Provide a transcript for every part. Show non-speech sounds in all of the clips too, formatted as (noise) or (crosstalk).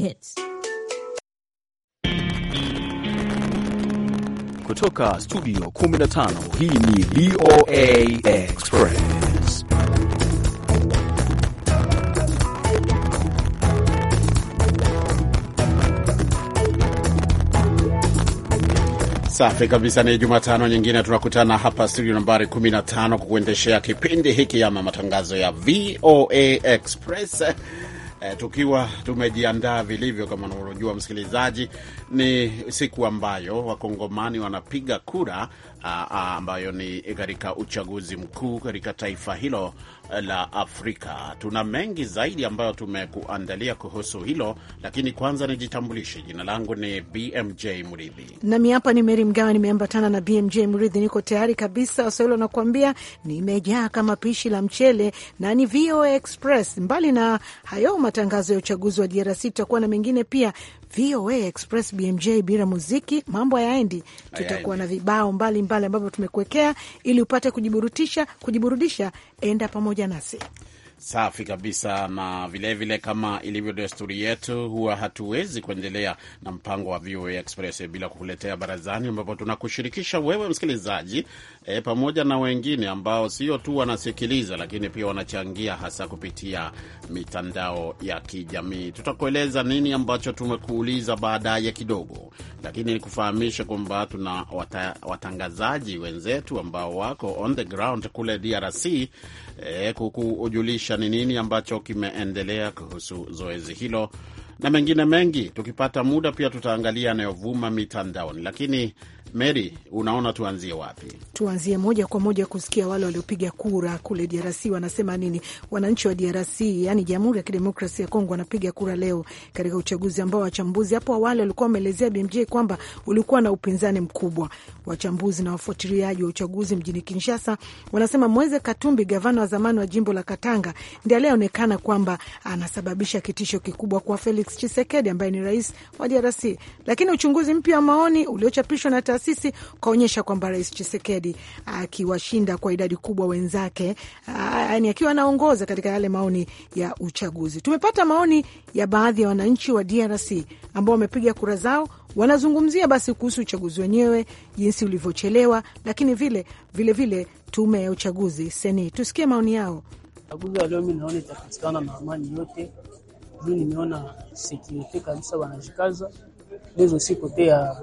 Hits. Kutoka studio 15 hii ni VOA Express. Safi kabisa, ni Jumatano nyingine tunakutana hapa studio nambari 15 kukuendeshea kipindi hiki ama matangazo ya VOA Express eh, tukiwa tumejiandaa vilivyo, kama unavyojua msikilizaji, ni siku ambayo wakongomani wanapiga kura a, ah, a, ah, ambayo ni katika uchaguzi mkuu katika taifa hilo la Afrika. Tuna mengi zaidi ambayo tumekuandalia kuhusu hilo, lakini kwanza nijitambulishe. Jina langu ni BMJ Mridhi nami hapa ni Meri Mgawa, nimeambatana na BMJ Mridhi. Niko tayari kabisa, Waswahili wanakuambia nimejaa kama pishi la mchele, na ni VOA Express. Mbali na hayo matangazo ya uchaguzi wa DRC, tutakuwa na mengine pia. VOA Express BMJ, bila muziki mambo hayaendi. Tutakuwa na vibao mbalimbali ambavyo tumekuwekea ili upate kujiburudisha, kujiburudisha. Enda pamoja pamoja nasi. Safi kabisa. Na vilevile vile, kama ilivyo desturi yetu, huwa hatuwezi kuendelea na mpango wa VOA Express bila kukuletea barazani, ambapo tunakushirikisha wewe msikilizaji, e, pamoja na wengine ambao sio tu wanasikiliza, lakini pia wanachangia hasa kupitia mitandao ya kijamii. Tutakueleza nini ambacho tumekuuliza baadaye kidogo, lakini nikufahamishe kwamba tuna wata, watangazaji wenzetu ambao wako on the ground kule DRC e, kukujulisha ni nini ambacho kimeendelea kuhusu zoezi hilo na mengine mengi. Tukipata muda pia tutaangalia yanayovuma mitandaoni, lakini Mary, unaona tuanzie wapi? Tuanzie moja kwa moja kusikia wale waliopiga kura kule DRC wanasema nini. Wananchi wa DRC, yani Jamhuri ya Kidemokrasia ya Kongo, wanapiga kura leo katika uchaguzi ambao wachambuzi hapo awali walikuwa wameelezea BMJ kwamba ulikuwa na upinzani mkubwa. Wachambuzi na wafuatiliaji wa uchaguzi mjini Kinshasa wanasema Mweze Katumbi, gavana wa zamani wa jimbo la Katanga, ndiye aliyeonekana kwamba anasababisha kitisho kikubwa kwa Felix Tshisekedi ambaye ni rais wa DRC, lakini uchunguzi mpya wa maoni uliochapishwa na taasisi kaonyesha kwamba Rais Chisekedi akiwashinda kwa idadi kubwa wenzake, yani akiwa anaongoza katika yale maoni ya uchaguzi. Tumepata maoni ya baadhi ya wananchi wa DRC ambao wamepiga kura zao wanazungumzia basi kuhusu uchaguzi wenyewe jinsi ulivyochelewa, lakini vile vile vile tume ya uchaguzi seni. Tusikie maoni yao. Uchaguzi wa leo mi naona itapatikana na amani yote juu, nimeona sekurite kabisa, wanajikaza lezo siku kote ya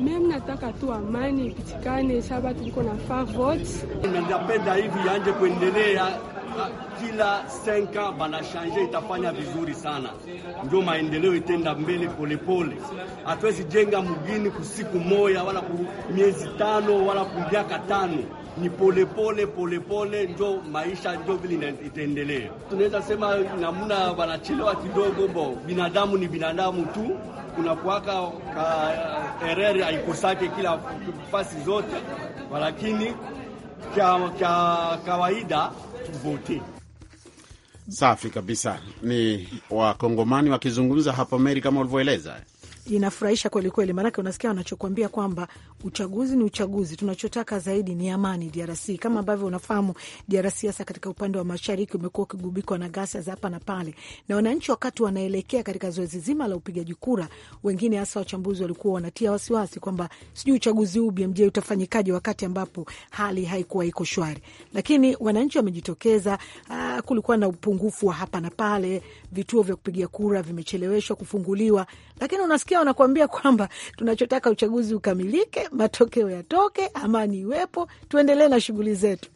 Mimi nataka tu amani ipitikane, saba tuliko na fa vote. Ninapenda hivi yanje kuendelea ah, kila senka banashanje itafanya vizuri sana, ndio maendeleo itenda mbele polepole. Hatuwezi jenga mugini kusiku moya wala ku miezi tano wala miaka tano, ni polepole polepole njo maisha njo vile itaendelea. Tunaweza sema namna wanachelewa kidogo, bo binadamu ni binadamu tu kunakuwaka ereri haikusake kila fasi zote, walakini kya, kya kawaida tuvote. Safi kabisa, ni wakongomani wakizungumza hapa Meri, kama ulivyoeleza inafurahisha kweli kweli, maanake unasikia wanachokwambia kwamba uchaguzi ni uchaguzi, tunachotaka zaidi ni amani DRC. Kama ambavyo unafahamu, DRC hasa katika upande wa mashariki umekuwa ukigubikwa na ghasia za hapa na pale, na wananchi wakati wanaelekea katika zoezi zima la upigaji kura, wengine hasa wachambuzi walikuwa wanatia wasiwasi kwamba sijui uchaguzi huu BMJ utafanyikaje wakati ambapo hali haikuwa iko shwari, lakini wananchi wamejitokeza. Ah, kulikuwa na upungufu wa hapa na pale, vituo vya kupigia kura vimecheleweshwa kufunguliwa, lakini unasikia utasikia wanakuambia kwamba tunachotaka uchaguzi ukamilike, matokeo yatoke, amani iwepo, tuendelee na shughuli zetu.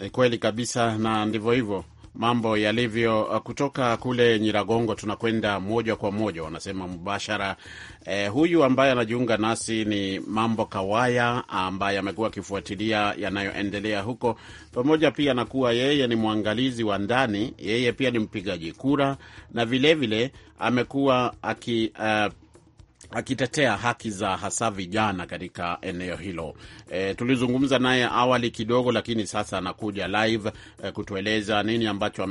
E, Kweli kabisa, na ndivyo hivyo mambo yalivyo. Uh, kutoka kule Nyiragongo tunakwenda moja kwa moja, wanasema mubashara. E, huyu ambaye anajiunga nasi ni Mambo Kawaya ambaye amekuwa akifuatilia yanayoendelea huko, pamoja pia na kuwa yeye ni mwangalizi wa ndani. Yeye pia ni mpigaji kura na vilevile amekuwa aki uh, akitetea haki za hasa vijana katika eneo hilo. E, tulizungumza naye awali kidogo, lakini sasa anakuja live e, kutueleza nini ambacho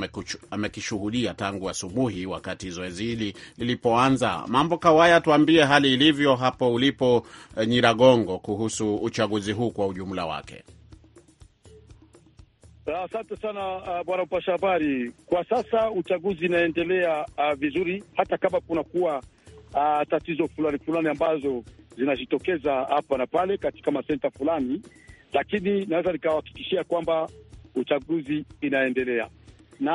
amekishuhudia tangu asubuhi wa wakati zoezi hili lilipoanza. Mambo Kawaya, tuambie hali ilivyo hapo ulipo e, Nyiragongo kuhusu uchaguzi huu kwa ujumla wake. Asante sana uh, bwana upasha habari. Kwa sasa uchaguzi inaendelea uh, vizuri hata kama kunakuwa uh, tatizo fulani fulani ambazo zinajitokeza hapa na pale katika masenta fulani, lakini naweza nikawahakikishia kwamba uchaguzi inaendelea, na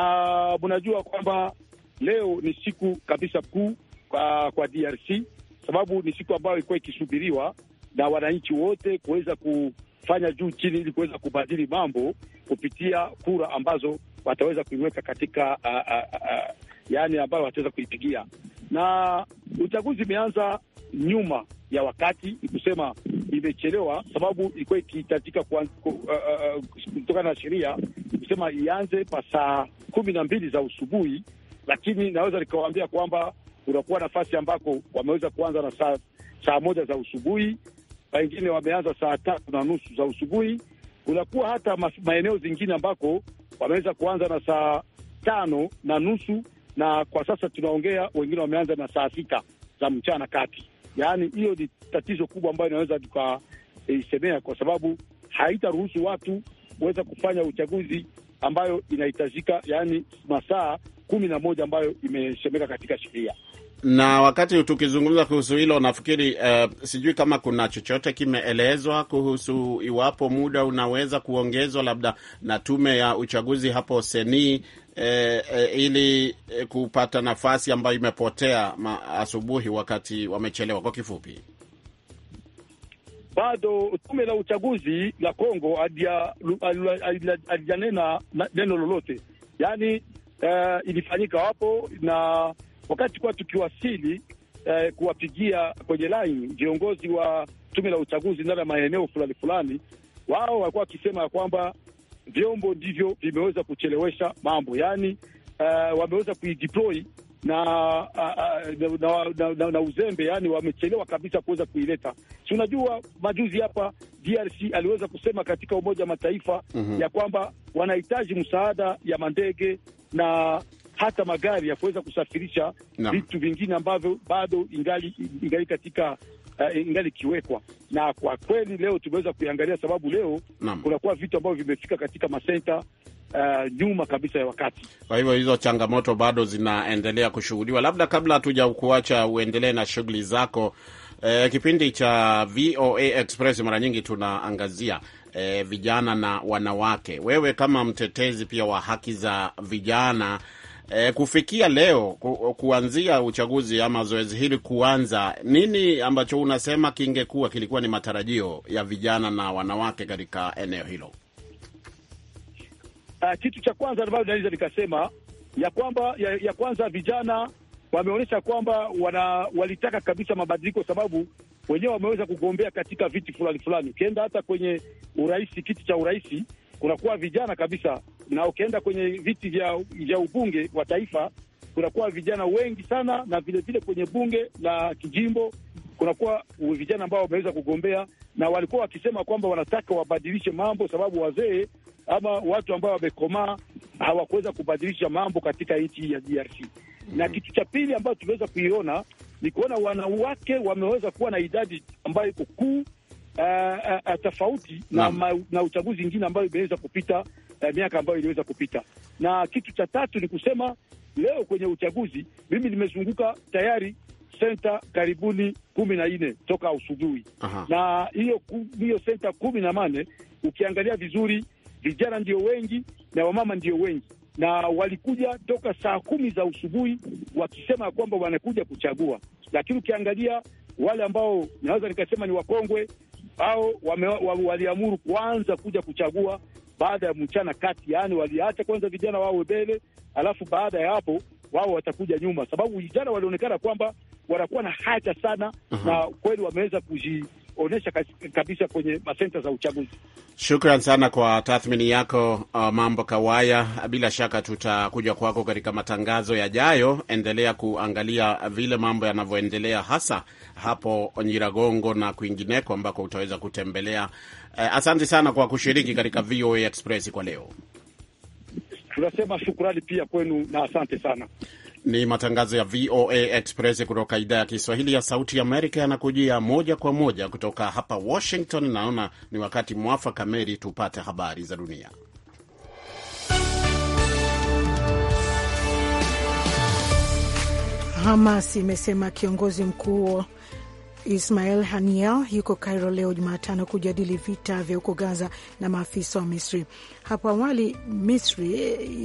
mnajua kwamba leo ni siku kabisa kuu kwa, kwa DRC sababu ni siku ambayo ilikuwa ikisubiriwa na wananchi wote kuweza kufanya juu chini ili kuweza kubadili mambo kupitia kura ambazo wataweza kuiweka katika uh, uh, uh, yani ambayo wataweza kuipigia na uchaguzi imeanza nyuma ya wakati, ni kusema imechelewa, sababu ilikuwa ikihitajika uh, uh, uh, kutokana uh, na sheria kusema ianze pa saa kumi na mbili za usubuhi, lakini naweza nikawaambia kwamba kunakuwa nafasi ambako wameweza kuanza na saa, saa moja za usubuhi, wengine wameanza saa tatu na nusu za usubuhi. Kunakuwa hata maeneo zingine ambako wameweza kuanza na saa tano na nusu na kwa sasa tunaongea, wengine wameanza na saa sita za mchana kati. Yaani hiyo ni tatizo kubwa ambayo inaweza tukaisemea, kwa sababu haitaruhusu watu kuweza kufanya uchaguzi ambayo inahitajika, yaani masaa kumi na moja ambayo imesemeka katika sheria na wakati tukizungumza kuhusu hilo nafikiri uh, sijui kama kuna chochote kimeelezwa kuhusu iwapo muda unaweza kuongezwa labda na tume ya uchaguzi hapo senii e, e, ili e, kupata nafasi ambayo imepotea asubuhi wakati wamechelewa. Kwa kifupi, bado tume la uchaguzi la Kongo halijanena neno lolote, yaani uh, ilifanyika hapo na wakati kuwa tukiwasili uh, kuwapigia kwenye laini viongozi wa tume la uchaguzi ndani ya maeneo fulani fulani, wao walikuwa wakisema ya kwamba vyombo ndivyo vimeweza kuchelewesha mambo, yani uh, wameweza kuideploy na, uh, na, na, na, na uzembe, yani wamechelewa kabisa kuweza kuileta. Si unajua majuzi hapa DRC aliweza kusema katika Umoja wa Mataifa mm -hmm. ya kwamba wanahitaji msaada ya mandege na hata magari ya kuweza kusafirisha vitu vingine ambavyo bado ingali, ingali katika uh, ingali ikiwekwa, na kwa kweli leo tumeweza kuiangalia, sababu leo kunakuwa vitu ambavyo vimefika katika masenta uh, nyuma kabisa ya wakati. Kwa hivyo hizo changamoto bado zinaendelea kushughuliwa. Labda kabla hatuja kuacha uendelee na shughuli zako, eh, kipindi cha VOA Express mara nyingi tunaangazia eh, vijana na wanawake. Wewe kama mtetezi pia wa haki za vijana E, kufikia leo ku, kuanzia uchaguzi ama zoezi hili kuanza, nini ambacho unasema kingekuwa kilikuwa ni matarajio ya vijana na wanawake katika eneo hilo? Uh, kitu cha kwanza ambayo naweza nikasema ya kwamba ya, ya kwanza vijana wameonyesha kwamba wana, walitaka kabisa mabadiliko kwa sababu wenyewe wameweza kugombea katika viti fulani fulani. Ukienda hata kwenye urais, kiti cha urais kunakuwa vijana kabisa na ukienda kwenye viti vya, vya ubunge wa taifa kunakuwa vijana wengi sana, na vilevile vile kwenye bunge la kijimbo kunakuwa vijana ambao wameweza kugombea, na walikuwa wakisema kwamba wanataka wabadilishe mambo, sababu wazee ama watu ambao wamekomaa hawakuweza kubadilisha mambo katika nchi ya DRC. Mm-hmm. Na kitu cha pili ambacho tumeweza kuiona ni kuona wanawake wameweza kuwa na idadi ambayo iko kuu Uh, uh, tofauti na, na, na uchaguzi ingine ambayo imeweza kupita ya eh, miaka ambayo iliweza kupita. Na kitu cha tatu ni kusema leo kwenye uchaguzi, mimi nimezunguka tayari senta karibuni kumi na nne toka asubuhi, na hiyo hiyo senta kumi na nane ukiangalia vizuri, vijana ndio wengi na wamama ndio wengi na walikuja toka saa kumi za usubuhi wakisema ya kwamba wanakuja kuchagua, lakini ukiangalia wale ambao naweza nikasema ni wakongwe au waliamuru kuanza kuja kuchagua baada ya mchana kati, yaani waliacha kwanza vijana wawe mbele, alafu baada ya hapo wao watakuja nyuma, sababu vijana walionekana kwamba wanakuwa na haja sana, uh mhm. -huh. na kweli wameweza kuji kuonyesha kabisa kwenye masenta za uchaguzi. Shukran sana kwa tathmini yako uh, Mambo Kawaya. Bila shaka tutakuja kwako katika matangazo yajayo. Endelea kuangalia vile mambo yanavyoendelea hasa hapo Nyiragongo na kwingineko ambako utaweza kutembelea. Uh, asante sana kwa kushiriki katika VOA Express kwa leo. Tunasema shukrani pia kwenu na asante sana. Ni matangazo ya VOA Express kutoka idhaa ya Kiswahili ya Sauti Amerika, yanakujia moja kwa moja kutoka hapa Washington. Naona ni wakati mwafaka, Meri, tupate habari za dunia. Hamas imesema kiongozi mkuu ismael haniel yuko Cairo leo Jumatano kujadili vita vya huko Gaza na maafisa wa Misri. Hapo awali Misri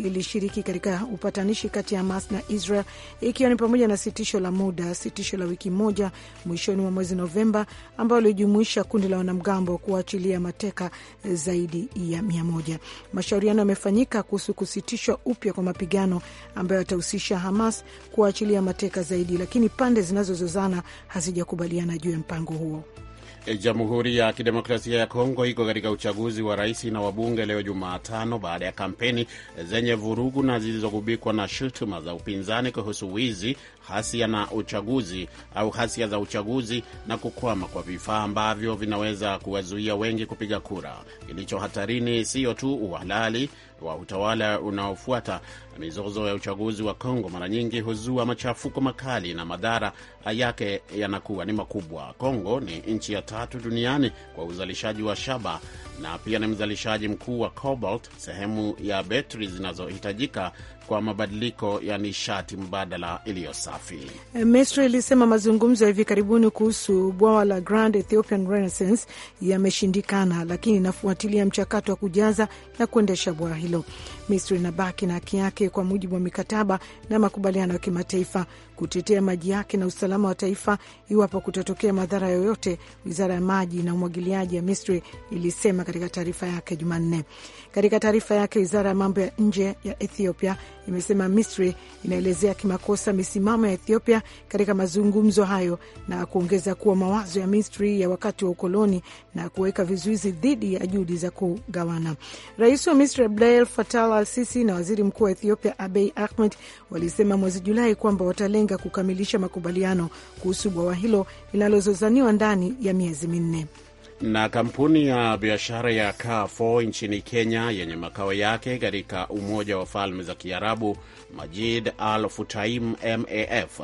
ilishiriki katika upatanishi kati ya Hamas na Israel, ikiwa ni pamoja na sitisho la muda, sitisho la wiki moja mwishoni mwa mwezi Novemba, ambao ilijumuisha kundi la wanamgambo kuachilia mateka zaidi ya mia moja. Mashauriano yamefanyika kuhusu kusitishwa upya kwa mapigano ambayo yatahusisha Hamas kuachilia mateka zaidi, lakini pande zinazozozana hazijakubaliana sana juu ya mpango huo. E, Jamhuri ya Kidemokrasia ya Kongo iko katika uchaguzi wa rais na wabunge leo Jumatano, baada ya kampeni zenye vurugu na zilizogubikwa na shutuma za upinzani kuhusu wizi hasia na uchaguzi au hasia za uchaguzi na kukwama kwa vifaa ambavyo vinaweza kuwazuia wengi kupiga kura. Kilicho hatarini siyo tu uhalali wa utawala unaofuata. Mizozo ya uchaguzi wa Kongo mara nyingi huzua machafuko makali na madhara yake yanakuwa ni makubwa. Kongo ni nchi ya tatu duniani kwa uzalishaji wa shaba na pia ni mzalishaji mkuu wa cobalt, sehemu ya betri zinazohitajika kwa mabadiliko ya nishati mbadala iliyo safi. Eh, Misri ilisema mazungumzo ya hivi karibuni kuhusu bwawa la Grand Ethiopian Renaissance yameshindikana, lakini inafuatilia mchakato wa kujaza na kuendesha bwawa hilo. Misri inabaki na haki yake kwa mujibu wa mikataba na makubaliano ya kimataifa kutetea maji yake na usalama wa taifa iwapo kutatokea madhara yoyote, wizara ya maji na umwagiliaji ya Misri ilisema katika taarifa yake Jumanne. Katika taarifa yake, wizara ya mambo ya nje ya Ethiopia imesema Misri inaelezea kimakosa misimamo ya Ethiopia katika mazungumzo hayo na kuongeza kuwa mawazo ya Misri ya wakati wa ukoloni na kuweka vizuizi dhidi ya juhudi za kugawana. Rais wa Misri Abdel Fattah al-Sisi na waziri mkuu wa Ethiopia Abiy Ahmed walisema mwezi Julai kwamba watalenga kukamilisha makubaliano kuhusu bwawa hilo linalozozaniwa ndani ya miezi minne. Na kampuni ya biashara ya Carrefour nchini Kenya yenye makao yake katika Umoja wa Falme za Kiarabu, Majid Al Futaim MAF,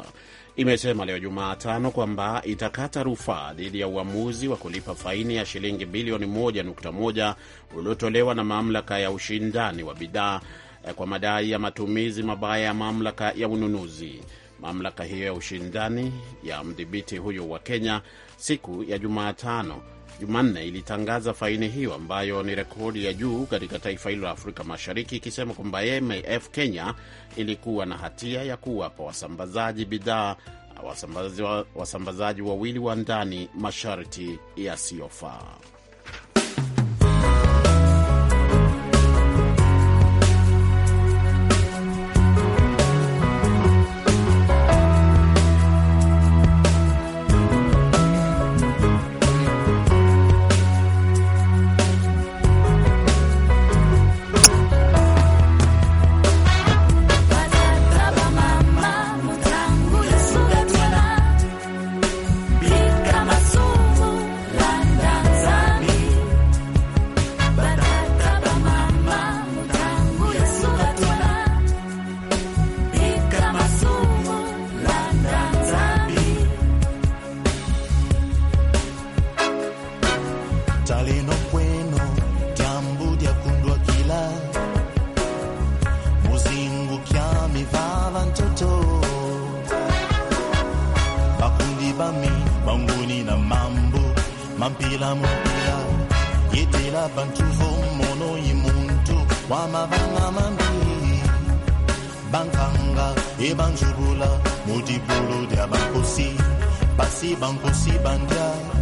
imesema leo Jumatano kwamba itakata rufaa dhidi ya uamuzi wa kulipa faini ya shilingi bilioni 1.1 uliotolewa na mamlaka ya ushindani wa bidhaa eh, kwa madai ya matumizi mabaya ya mamlaka ya ununuzi. Mamlaka hiyo ya ushindani ya mdhibiti huyo wa Kenya siku ya Jumatano Jumanne ilitangaza faini hiyo ambayo ni rekodi ya juu katika taifa hilo la Afrika Mashariki, ikisema kwamba AMF Kenya ilikuwa na hatia ya kuwapa wasambazaji bidhaa wasambazaji wawili wa ndani masharti yasiyofaa. talino kweno dyambu akila, kila muzingu va vantoto bakundi bami banguni na mambu mampila mupila yetela bantuvo mono imuntu wa mavanga mambi, bankanga ebanjubula mudibulu dya bankosi basi bankosi bandja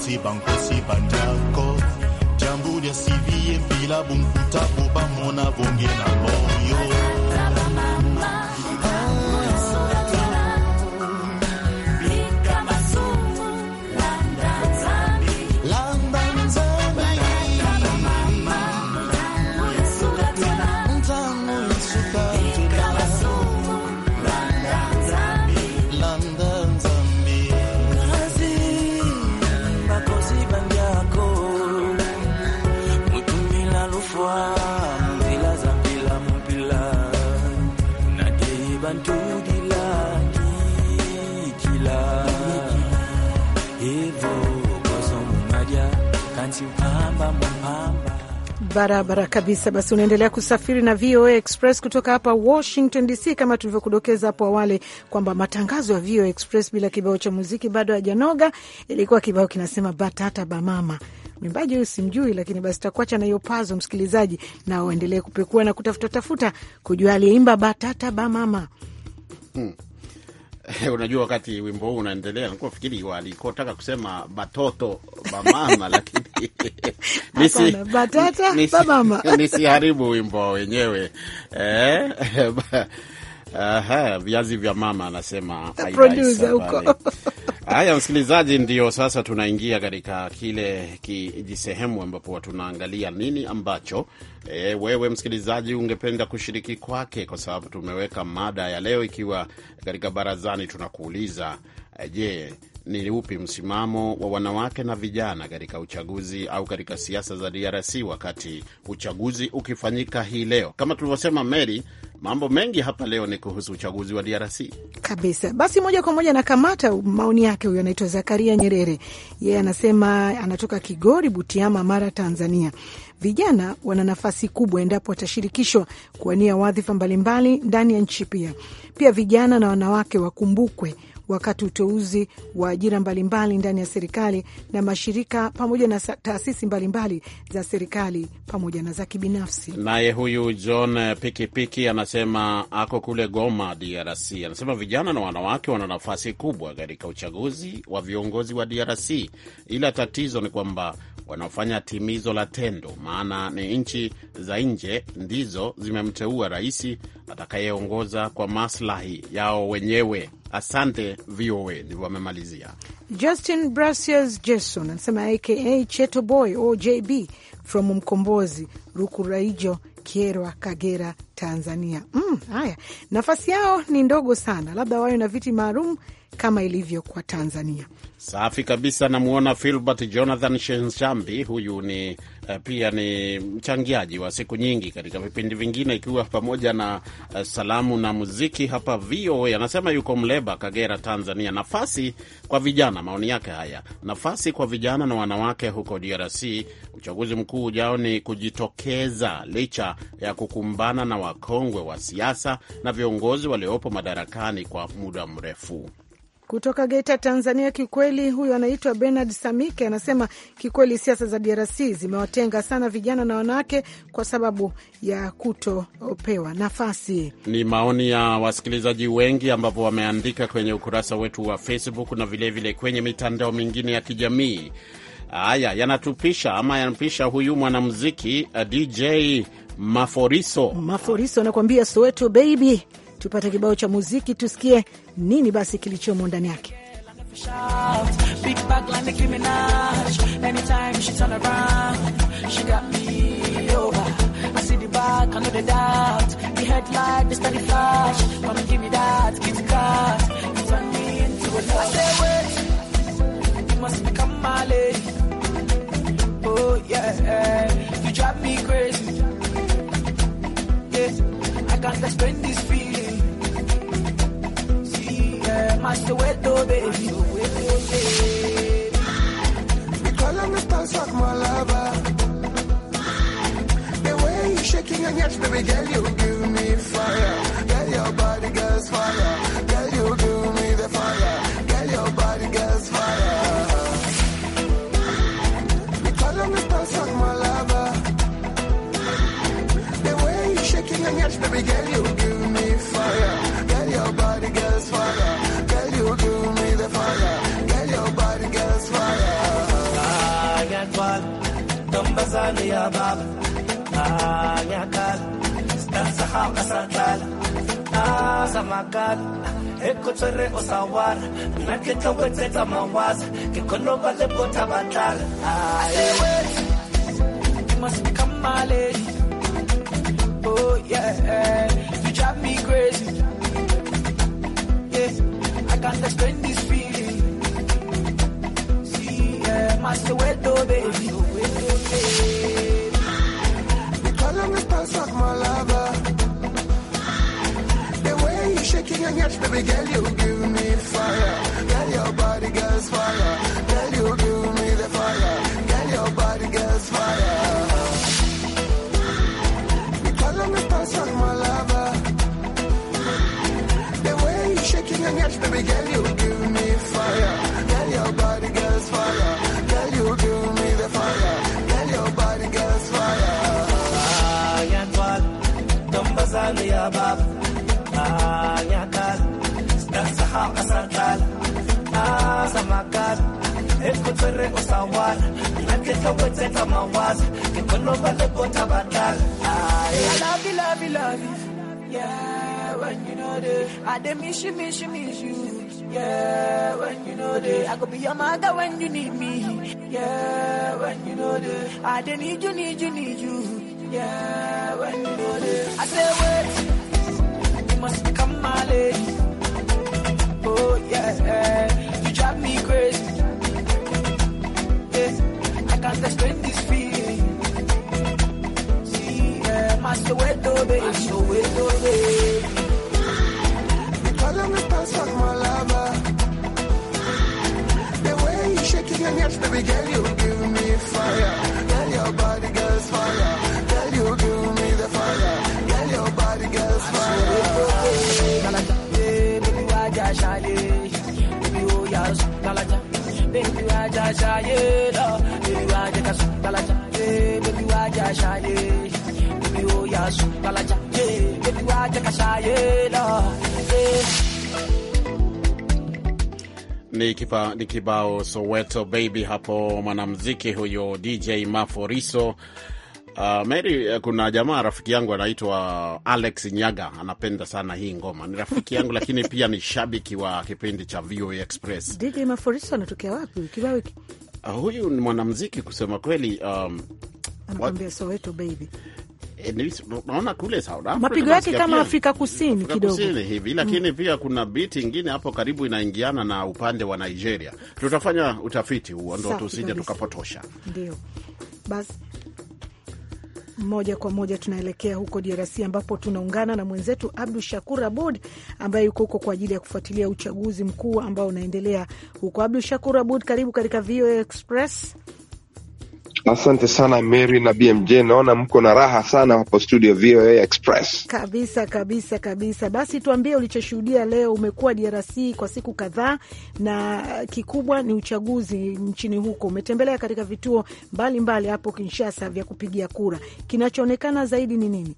nsiba nkosiba njako jambo lya cvm bila bunkutapo bamona bonge na boyo Barabara kabisa. Basi unaendelea kusafiri na VOA Express kutoka hapa Washington DC, kama tulivyokudokeza hapo awali kwamba matangazo ya VOA Express bila kibao cha muziki bado hajanoga. Ilikuwa kibao kinasema batata bamama mwimbaji huyu simjui, lakini basi takuacha na hiyo pazo, msikilizaji, na uendelee kupekua na kutafuta tafuta kujua aliyeimba batata bamama hmm. (laughs) Unajua, wakati wimbo huu unaendelea, fikiri nafikiri walikotaka kusema batoto bamama, (laughs) lakini nisi, batata nisi, bamama (laughs) wimbo wenyewe eh? Aha, viazi vya mama anasema Haya, msikilizaji, ndio sasa tunaingia katika kile kijisehemu ambapo tunaangalia nini ambacho e, wewe msikilizaji ungependa kushiriki kwake, kwa sababu tumeweka mada ya leo ikiwa katika barazani. Tunakuuliza, e, je, ni upi msimamo wa wanawake na vijana katika uchaguzi au katika siasa za DRC wakati uchaguzi ukifanyika hii leo. Kama tulivyosema, Mary, mambo mengi hapa leo ni kuhusu uchaguzi wa DRC kabisa. Basi moja kwa moja nakamata maoni yake. Huyo anaitwa Zakaria Nyerere, yeye anasema anatoka Kigori, Butiama, Mara, Tanzania. Vijana wana nafasi kubwa endapo watashirikishwa kuwania wadhifa mbalimbali ndani ya nchi. Pia pia vijana na wanawake wakumbukwe wakati uteuzi wa ajira mbalimbali ndani ya serikali na mashirika pamoja na taasisi mbalimbali za serikali pamoja na za kibinafsi. Naye huyu John Pikipiki anasema ako kule Goma, DRC. Anasema vijana na wanawake wana nafasi kubwa katika uchaguzi wa viongozi wa DRC, ila tatizo ni kwamba wanaofanya timizo la tendo, maana ni nchi za nje ndizo zimemteua rais atakayeongoza kwa maslahi yao wenyewe. Asante VOA, ndivyo wamemalizia. Justin Brasius Jason anasema aka Cheto Boy OJB from Mkombozi, Rukuraijo, Kierwa, Kagera, Tanzania. Mm, haya, nafasi yao ni ndogo sana, labda wawe na viti maalum kama ilivyo kwa Tanzania. Safi kabisa. Namwona Filbert Jonathan Shenshambi, huyu ni eh, pia ni mchangiaji wa siku nyingi katika vipindi vingine, ikiwa pamoja na eh, salamu na muziki hapa VOA. Anasema yuko Mleba, Kagera, Tanzania. Nafasi kwa vijana, maoni yake haya, nafasi kwa vijana na wanawake huko DRC. Uchaguzi mkuu ujao ni kujitokeza, licha ya kukumbana na wakongwe wa siasa na viongozi waliopo madarakani kwa muda mrefu kutoka Geita, Tanzania. Kikweli huyo anaitwa Bernard Samike, anasema kikweli siasa za DRC zimewatenga sana vijana na wanawake kwa sababu ya kutopewa nafasi. Ni maoni ya wasikilizaji wengi ambavyo wameandika kwenye ukurasa wetu wa Facebook na vilevile vile kwenye mitandao mingine ya kijamii. Haya yanatupisha ama yanapisha huyu mwanamuziki eh, DJ Maforiso. Maforiso anakuambia Soweto baby tupate kibao cha muziki, tusikie nini basi kilichomo ndani yake. I can't explain this feeling. baby. my lover. The way you shaking and yes, baby girl, you give me fire. Girl, your body girl's fire. Girl, you give me Ramazani ya baba Tanya kala Stansaha kasatala Tasamakala Ekotere osawara Nakitawete tamawaza Kikono vale bota batala Ayewe oh, You must become my can't explain this feeling See yeah Master Wedo baby they calling my lover. The way you shaking and baby girl, you give me fire. Girl, your body, fire. Girl, you give me the fire. Girl, your body, fire. calling my lover. The way you shaking and baby girl, you العالم يا بابا ما يعتال استنسحا قصرتال Yeah, when you know that I did miss you, miss you, miss you. Yeah, when you know that I could be your mother when you need me. Yeah, when you know that I did need you, need you, need you. Yeah, I wait, you must my Oh, yeah, you drive me crazy. Yeah, I can't explain this feeling. baby. Oh, baby. Oh, lover. The way you shaking your hips, girl, you give me. ni kibao Soweto Baby hapo, mwanamuziki huyo DJ Maforiso Uh, Mary, eh, kuna jamaa rafiki yangu anaitwa Alex Nyaga anapenda sana hii ngoma. Ni rafiki yangu lakini pia ni shabiki wa kipindi cha VOA Express. DJ Maforiso anatokea wapi? Kibao hiki. Uh, huyu ni mwanamuziki kusema kweli, um, anakuambia Soweto baby. Eh, naona kule South Africa mapigo yake kama Afrika Kusini kidogo hivi, lakini mm, pia kuna biti ingine hapo karibu inaingiana na upande wa Nigeria. Tutafanya utafiti huo ndo tusije tukapotosha, ndio basi. Moja kwa moja tunaelekea huko DRC ambapo tunaungana na mwenzetu Abdu Shakur Abud ambaye yuko huko kwa ajili ya kufuatilia uchaguzi mkuu ambao unaendelea huko. Abdu Shakur Abud, karibu katika VOA Express. Asante sana Mary na BMJ, naona mko na raha sana hapo studio VOA Express. Kabisa kabisa kabisa. Basi tuambie ulichoshuhudia leo. Umekuwa DRC kwa siku kadhaa, na kikubwa ni uchaguzi nchini huko. Umetembelea katika vituo mbalimbali hapo mbali Kinshasa vya kupigia kura, kinachoonekana zaidi ni nini?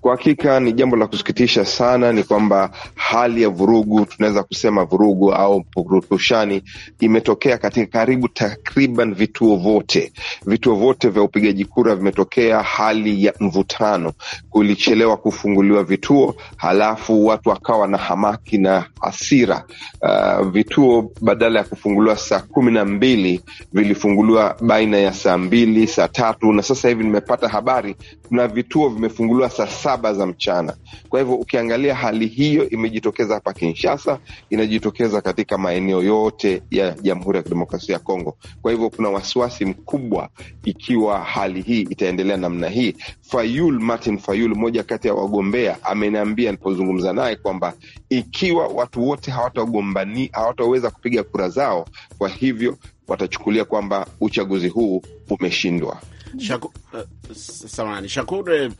Kwa hakika ni jambo la kusikitisha sana, ni kwamba hali ya vurugu, tunaweza kusema vurugu au purutushani imetokea katika karibu takriban vituo vyote, vituo vyote vya upigaji kura vimetokea hali ya mvutano. Kulichelewa kufunguliwa vituo, halafu watu wakawa na hamaki na hasira. Uh, vituo badala ya kufunguliwa saa kumi na mbili vilifunguliwa baina ya saa mbili, saa tatu, na sasa hivi nimepata habari kuna vituo vimefunguliwa saa saba za mchana. Kwa hivyo ukiangalia, hali hiyo imejitokeza hapa Kinshasa, inajitokeza katika maeneo yote ya Jamhuri ya Kidemokrasia ya Kongo. Kwa hivyo kuna wasiwasi mkubwa ikiwa hali hii itaendelea namna hii. Fayul Martin Fayul, mmoja kati ya wagombea, ameniambia nipozungumza naye kwamba ikiwa watu wote hawatagombani hawataweza kupiga kura zao, kwa hivyo watachukulia kwamba uchaguzi huu umeshindwa. Shaku, uh, eh, samani Shakur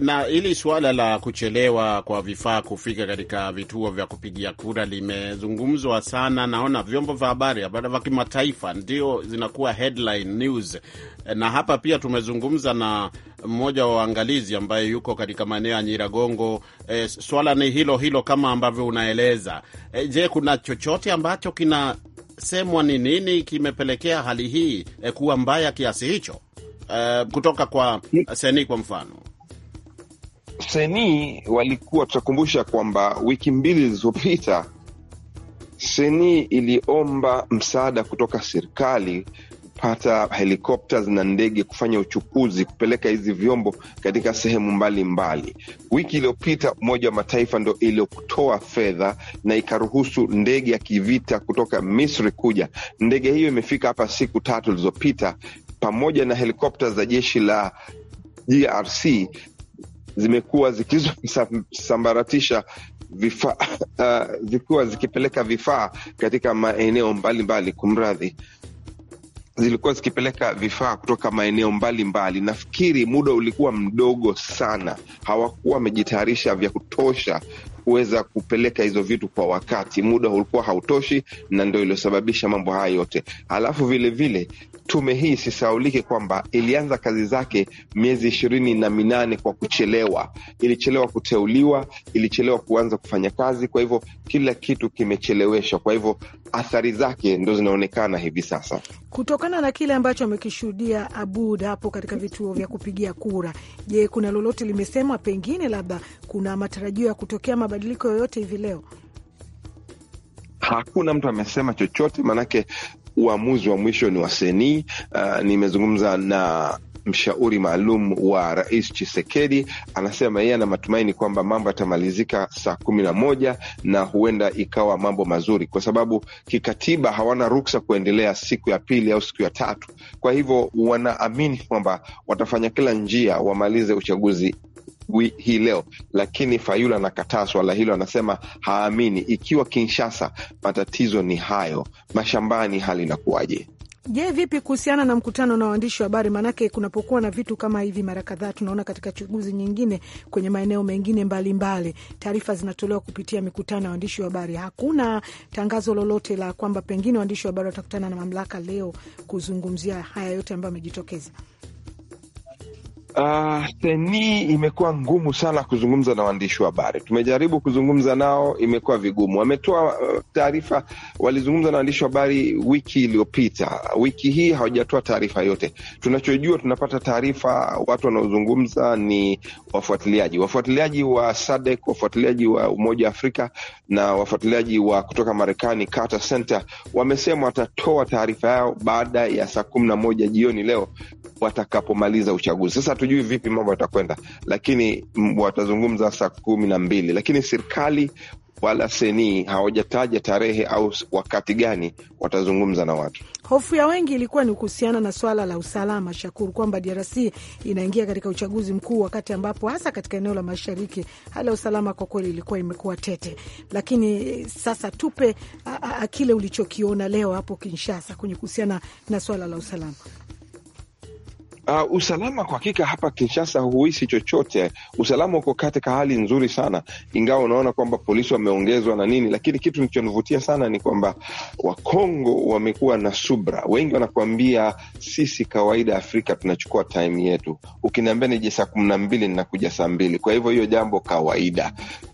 na hili suala la kuchelewa kwa vifaa kufika katika vituo vya kupigia kura limezungumzwa sana. Naona vyombo vya habari vya kimataifa ndio zinakuwa headline news, na hapa pia tumezungumza na mmoja wa waangalizi ambaye yuko katika maeneo ya Nyiragongo. E, swala ni hilo hilo kama ambavyo unaeleza. E, je, kuna chochote ambacho kinasemwa ni nini kimepelekea hali hii e, kuwa mbaya kiasi hicho? E, kutoka kwa seni kwa mfano Seni walikuwa tutakumbusha kwamba wiki mbili zilizopita Seni iliomba msaada kutoka serikali pata helikopta na ndege kufanya uchukuzi kupeleka hizi vyombo katika sehemu mbalimbali mbali. Wiki iliyopita Umoja wa Mataifa ndo iliyotoa fedha na ikaruhusu ndege ya kivita kutoka Misri kuja. Ndege hiyo imefika hapa siku tatu zilizopita, pamoja na helikopta za jeshi la DRC zimekuwa zikizosambaratisha vifaa (laughs) uh, zikuwa zikipeleka vifaa katika maeneo mbalimbali, kumradhi zilikuwa zikipeleka vifaa kutoka maeneo mbalimbali. Nafikiri muda ulikuwa mdogo sana, hawakuwa wamejitayarisha vya kutosha kuweza kupeleka hizo vitu kwa wakati. Muda ulikuwa hautoshi, na ndio iliyosababisha mambo haya yote. Alafu vilevile Tume hii sisaulike kwamba ilianza kazi zake miezi ishirini na minane kwa kuchelewa. Ilichelewa kuteuliwa, ilichelewa kuanza kufanya kazi, kwa hivyo kila kitu kimecheleweshwa. Kwa hivyo athari zake ndo zinaonekana hivi sasa, kutokana na kile ambacho amekishuhudia Abud hapo katika vituo vya kupigia kura. Je, kuna lolote limesema, pengine labda kuna matarajio ya kutokea mabadiliko yoyote hivi leo? Hakuna mtu amesema chochote, maanake uamuzi wa mwisho ni wa seni. Uh, nimezungumza na mshauri maalum wa rais Chisekedi anasema yeye ana matumaini kwamba mambo yatamalizika saa kumi na moja na huenda ikawa mambo mazuri, kwa sababu kikatiba hawana ruksa kuendelea siku ya pili au siku ya tatu. Kwa hivyo wanaamini kwamba watafanya kila njia wamalize uchaguzi hii leo, lakini Fayulu anakataa swala hilo, anasema haamini. Ikiwa Kinshasa matatizo ni hayo, mashambani hali inakuwaje? Je, vipi kuhusiana na mkutano na waandishi wa habari? Maanake kunapokuwa na vitu kama hivi, mara kadhaa tunaona katika chaguzi nyingine kwenye maeneo mengine mbalimbali, taarifa zinatolewa kupitia mikutano ya waandishi wa habari. Hakuna tangazo lolote la kwamba pengine waandishi wa habari watakutana na mamlaka leo kuzungumzia haya yote ambayo amejitokeza. Uh, imekuwa ngumu sana kuzungumza na waandishi wa habari. Tumejaribu kuzungumza nao, imekuwa vigumu. Wametoa uh, taarifa, walizungumza na waandishi wa habari wiki iliyopita. Wiki hii hawajatoa taarifa yote. Tunachojua, tunapata taarifa, watu wanaozungumza ni wafuatiliaji, wafuatiliaji wa SADC, wafuatiliaji wa Umoja wa Afrika na wafuatiliaji wa kutoka Marekani, Carter Center, wamesema watatoa taarifa yao baada ya saa kumi na moja jioni leo watakapomaliza uchaguzi. Sasa hatujui vipi mambo yatakwenda, lakini watazungumza saa kumi na mbili, lakini serikali wala senii hawajataja tarehe au wakati gani watazungumza na watu. Hofu ya wengi ilikuwa ni kuhusiana na swala la usalama, Shakuru, kwamba DRC inaingia katika uchaguzi mkuu, wakati ambapo hasa katika eneo la mashariki hali ya usalama kwa kweli ilikuwa imekuwa tete. Lakini sasa tupe a, a, kile ulichokiona leo hapo Kinshasa kwenye kuhusiana na swala la usalama. Uh, usalama kwa hakika hapa Kinshasa huhisi chochote. Usalama uko katika hali nzuri sana, ingawa unaona kwamba polisi wameongezwa na nini, lakini kitu kilichonivutia sana ni kwamba Wakongo wamekuwa na subra. Wengi wanakuambia sisi kawaida Afrika tunachukua time yetu, ukiniambia nije saa kumi na mbili ninakuja saa mbili, kwa hivyo hiyo jambo kawaida.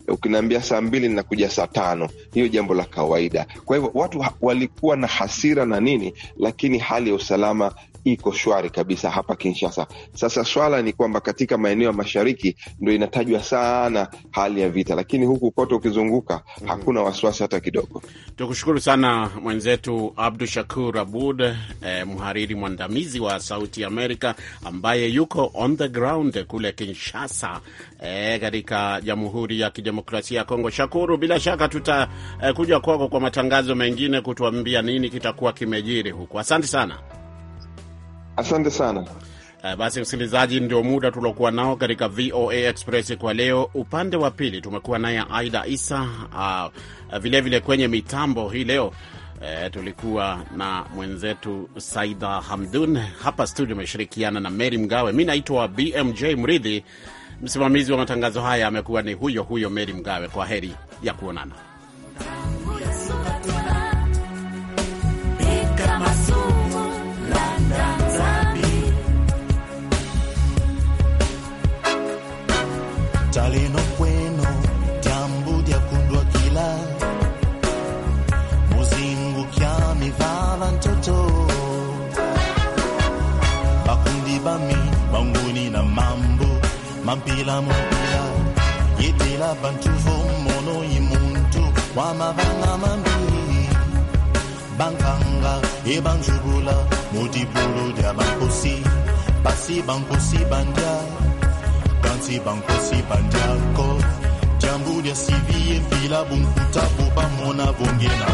Ukiniambia saa mbili ninakuja saa tano, hiyo jambo la kawaida. Kwa hivyo watu walikuwa na hasira na nini, lakini hali ya usalama iko shwari kabisa hapa Kinshasa. Sasa swala ni kwamba katika maeneo ya mashariki ndo inatajwa sana hali ya vita, lakini huku kote ukizunguka mhm. hakuna wasiwasi hata kidogo. Tukushukuru sana mwenzetu Abdu Shakur Abud eh, mhariri mwandamizi wa Sauti Amerika ambaye yuko on the ground kule Kinshasa eh, katika Jamhuri ya Kidemokrasia ya Kongo. Shakuru, bila shaka tutakuja eh, kwako kwa matangazo mengine kutuambia nini kitakuwa kimejiri huku. Asante sana. Asante sana. Eh, basi msikilizaji, ndio muda tuliokuwa nao katika VOA Express kwa leo. Upande wa pili tumekuwa naye Aida Isa ah, vilevile, uh, vile kwenye mitambo hii leo uh, tulikuwa na mwenzetu Saida Hamdun hapa studio, ameshirikiana na Mary Mgawe. Mi naitwa BMJ Mridhi, msimamizi wa matangazo haya amekuwa ni huyo huyo Mary Mgawe. Kwa heri ya kuonana. ampila mumpila yetela bantu vomono ye muntu wa mabanga mambili bankanga ebanjugula mudibulu dya bankosi basi bankosi bandya kanti bankosi bandyako dyambu dya sivi ye mpila bunkuta bo bamona bongena